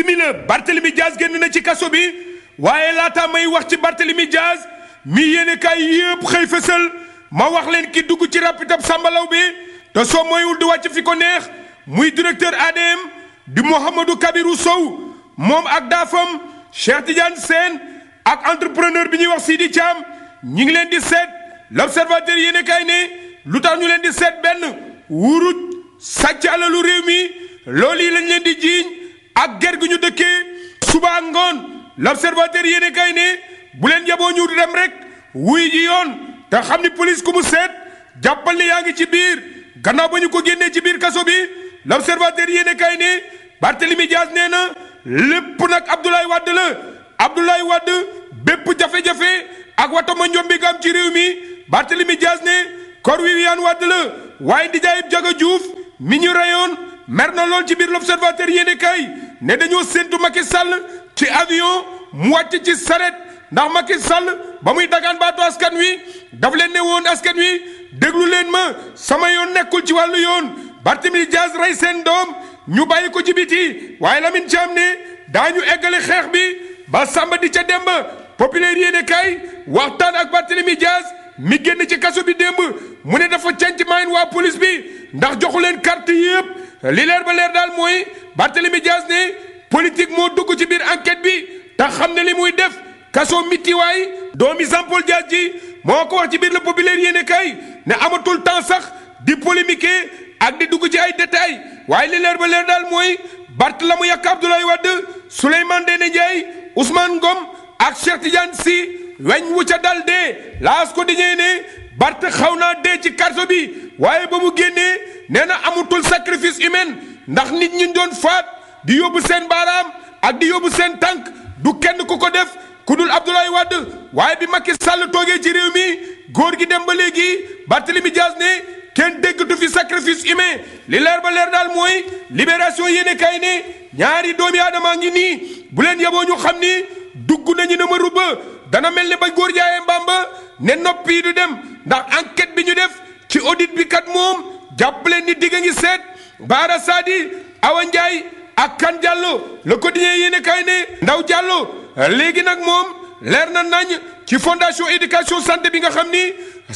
simila Barthélemy Diaz génn na ci kaso bi waaye laata may wax ci Barthélemy Diaz mi yéene kaay yëpp xëy fësal ma wax leen ki dugg ci rapitab sàmbalaw bi te soo moywul di wàcc fi ko neex muy directeur ADM di Mouhamadou Kabirou Sow moom ak daafam Cheikh Tidiane Sène ak entrepreneur bi ñuy wax sii Sidi Thiam ñi ngi leen di seet l'observateur yéene kaay ne lu tax ñu leen di seet benn wuruj sàcc alalu réew mi loolu yi lañ leen di jiiñ ak ger gi ñu dëkkee suba ak ngoon l'observateur yéene kay ne bu leen yaboo ñu dem rek wuy ji yoon te xam ni police ku mu seet jàppal ne yaa ngi ci biir gannaaw ba ñu ko génnee ci biir kaso bi l'observateur yéene kay ne Barthélemy Dias nee na lépp nag Abdoulaye Wade la Abdoulaye Wade bépp jafe-jafe ak watama njombi nga ci réew mi Barthélemy Dias ne kor wi yaan Wade la waaye di jaayib jaga Juuf mi ñu reyoon mer na lool ci biir l'observateur yéene kaay ne dañoo séntu Macky Sall ci avion mu wàcc ci saret ndax Macky Sall ba muy dagaan baatu askan wi daf leen ne woon askan wi déglu leen ma sama yoon nekkul ci wàllu yoon Barthélémy Dias rey seen doom ñu bàyyi ko ci biti waaye Lamine Thiam ne daañu eggale xeex bi ba Samba di ca Demba populaire yéene kaay waxtaan ak Barthélémy Dias mi génn ci kaso bi démb mu ne dafa canc maayin waa police bi ndax joxu leen carte li leer ba leer daal mooy Barthélemy Dias ne politique moo dugg ci biir enquête bi tax xam ne li muy def kaso mittiwaay doomi Jean Paul Dias ji moo ko wax ci biir Le Populaire yéene kay ne amatul temps sax di polémiquer ak di dugg ci ay détails waaye li leer ba leer daal mooy Barth la mu yàq Abdoulaye Wade Souleymane Ndéné Ndiaye Ousmane Ngom ak Cheikh Tidiane Sy weñ wu ca dal dee laas ko di ñëw ne Barth xaw naa dee ci karto bi waaye ba mu génnee nee na amutul sacrifice humain ndax nit ñi doon faat di yóbbu seen baaraam ak di yóbbu seen tànk du kenn ku ko def ku dul Abdoulaye Wade waaye bi Macky Sall toogee ci réew mi góor gi dem ba léegi Barthélemy Dias ne kenn déggatu fi sacrifice humain li leer ba leer daal mooy libération yéene kay ne ñaari doomi aadamaa ngi nii bu leen yeboo ñu xam ni dugg nañu ne ma rubba dana mel ni ba góor jaayee mbamba ne noppi du dem ndax enquête bi ñu def. ci audit bi kat moom jàppaleen ni digg ngi seet Baara Sadi Awa Ndiaye ak kan Diallo le quotidien yéene kay ne Ndaw Diallo léegi nag moom leer na nañ ci fondation éducation santé bi nga xam ni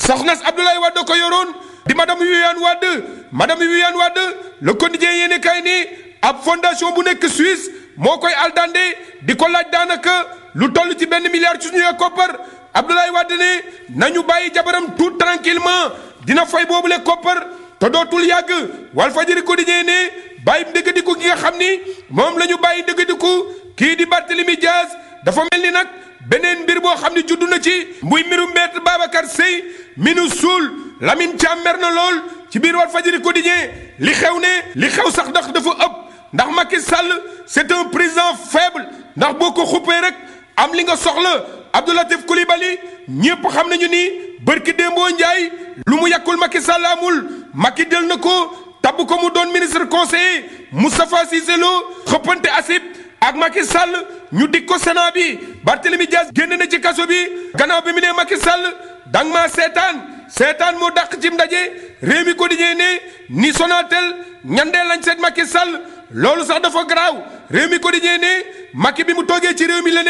soxnas Abdoulaye Wade ko yoroon di madame Viviane Wade madame Viviane Wade le quotidien yéene kay ne ab fondation bu nekk Suisse moo koy aldande di ko laaj daanaka lu toll ci benn milliard ci suñuy koppar Abdoulaye Wade ne nañu bàyyi jabaram tout tranquillement dina fay boobule koppar te dootul yàgg Walfadjri Quotidien ne bàyyi dëggadiku gi nga xam ni moom la ñu bàyyi dëggadiku kii di Barthélemy Dias dafa mel ni nag beneen mbir boo xam ni juddu na ci muy mbiru Maître Babacar Sèye mi nu suul Lamine Thiam mer na lool ci biir Walfadjri Quotidien li xew ne li xew sax ndax dafa ëpp ndax Macky Sall c'est un président faible ndax boo ko xuppee rek am li nga soxla Abdou Latif Coulibaly ñépp xam nañu nii bërki démboo Njaay lu mu yàkkul Macky Sall amul Macky del na ko tabb ko mu doon ministre conseiller Moustapha Cissé Lo xëppante asib ak Macky Sall ñu dig ko Sénat bi Barthélemy Dias génn na ci kaso bi gannaaw bi mu ne Macky Sall dang maa seetaan seetaan moo dàq ci ndaje réew mi quotidien ne ni Sonatel ñandee lañ seet Macky Sall loolu sax dafa garaaw réew mi quotidien ne Macky bi mu toogee ci réew mi la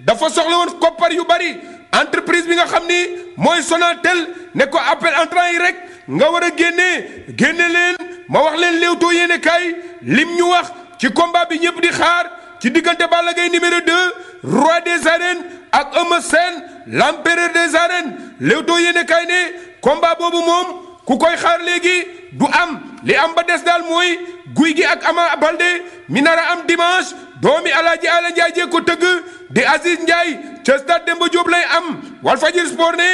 dafa soxla woon koppar yu bari entreprise bi nga xam ni mooy Sonatel ne ko appel entrant yi rek nga war a génnee génne leen ma wax leen Leewtoo yéene kaay lim ñu wax ci combat bi ñëpp di xaar ci diggante Balla Gaye numéro 2 roi des arènes ak Eumeu Sène l'empereur des arènes Leewtoo yéene kaay ne combat boobu moom ku koy xaar léegi du am li am ba des daal mooy guy gi ak Ama Baldé mi nar a am dimanche doomi Alaaji Ala Njaay jee ko tëgg di Aziz Ndiaye ca stade Demba Diop lay am Walfadjri Sport ne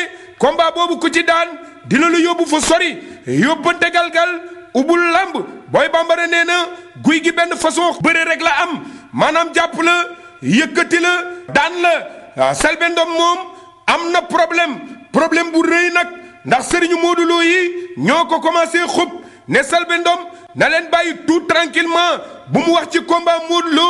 combat boobu ko ci daan dina la yóbbu fu sori yóbbante galgal ubul lamb booy bambara nee na guy gi benn façon bëre rek la am maanaam jàpp la yëkkati la daan la ah, Selbé Ndom moom am na problème problème bu rëy nag ndax sëriñu Modou Lo yi ñoo ko commencé xub ne Selbé Ndom na leen bàyyi tout tranquillement bu mu wax ci combat Modou Lo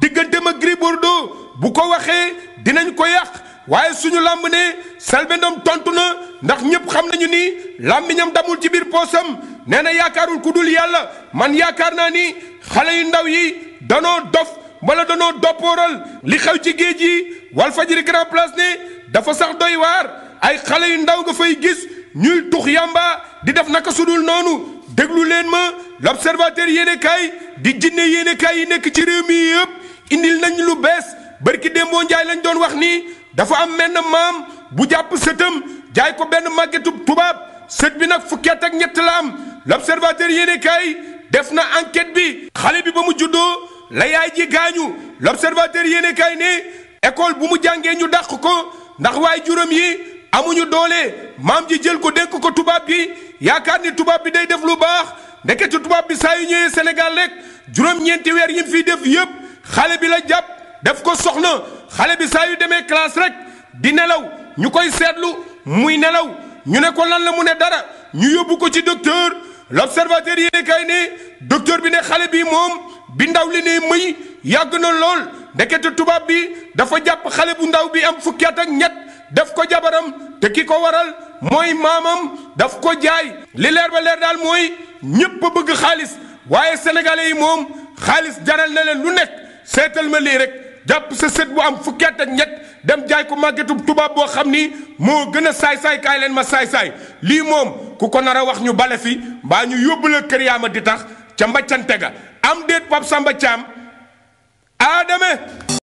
diggante ma Gris Bordeaux bu ko waxee dinañ ko yàq waaye suñu làmb ne Selbé Ndom tontu na ndax ñëpp xam nañu ni làmmiñam damul ci biir poosam nee na yaakaarul ku dul yàlla man yaakaar naa ni xale yu ndaw yi danoo dof wala danoo doppooral li xew ci géej yi Walfadjri Grand Place ne dafa sax doy waar ay xale yu ndaw nga fay gis ñuy tux yàmba di def naka sudul noonu déglu leen ma l'observateur yéene kaay di jinne yéene kaay yi nekk ci réew mi yëpp indil nañ lu bees barki démboo njaay lañ doon wax nii dafa am menn maam bu jàpp sëtam jaay ko benn màggetub tubaab sët bi nag fukki ak ñett la am l'observateur yéene kaay def na enquête bi xale bi ba mu juddoo la yaay ji gaañu l'observateur yéene kay ne école bu mu jàngee ñu dàq ko ndax waaye juróom yi amuñu doole maam ji jël ko dénk ko tubaab bi yaakaar ni tubaab bi day def lu baax ndekete tubaab bi saa yu ñëwee Sénégal rek juróom-ñeenti weer yi mu def yëpp xale bi la jàpp def ko soxna xale bi saa yu demee classe rek di nelaw ñu koy seetlu muy nelaw ñu ne ko lan la mu ne dara ñu yóbbu ko ci docteur l'observateur yéene kay ne docteur bi ne xale bi moom bi ndaw li ne mëy yàgg na lool ndekete tubaab bi dafa jàpp xale bu ndaw bi am fukki at ak ñett def ko jabaram te ki ko waral mooy maamam daf ko jaay li leer ba leer daal mooy ñépp a bëgg xaalis waaye sénégalais yi moom xaalis jaral na leen lu nekk seetal ma lii rek jàpp sa sët bu am fukki at ak ñett dem jaay ku màggetu tubaab boo xam ni moo gën a saay-saay kaay leen ma saay-saay lii moom ku ko nar a wax ñu bale fi mbaa ñu yóbbu la kër yaama di tax ca mbaccante ga am déet Pape Samba Thiam aadame